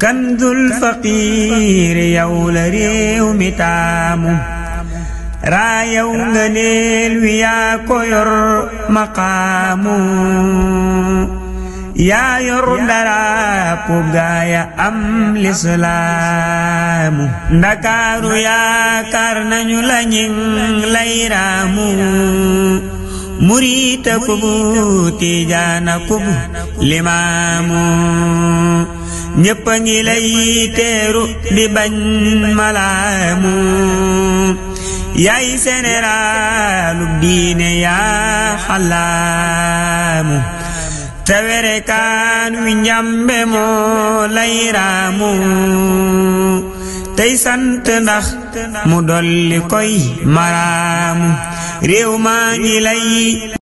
kanzul faqiir yow la mi taamu raa yow nga neel wi yaa ko yor maqaamu yaa yor dara ku gaaya am lislaamu ndakaaru yaakaar nañu la ñing lay raamu muriita kubu tiijaana kubu limaamu ñépp a ngi lay teeru di bañ malaamu yaay seneraalu diine yaa xalaamu tewerekaan wi njàmbe moo lay tey sant ndax mu dolli koy maraamu réew ngi lay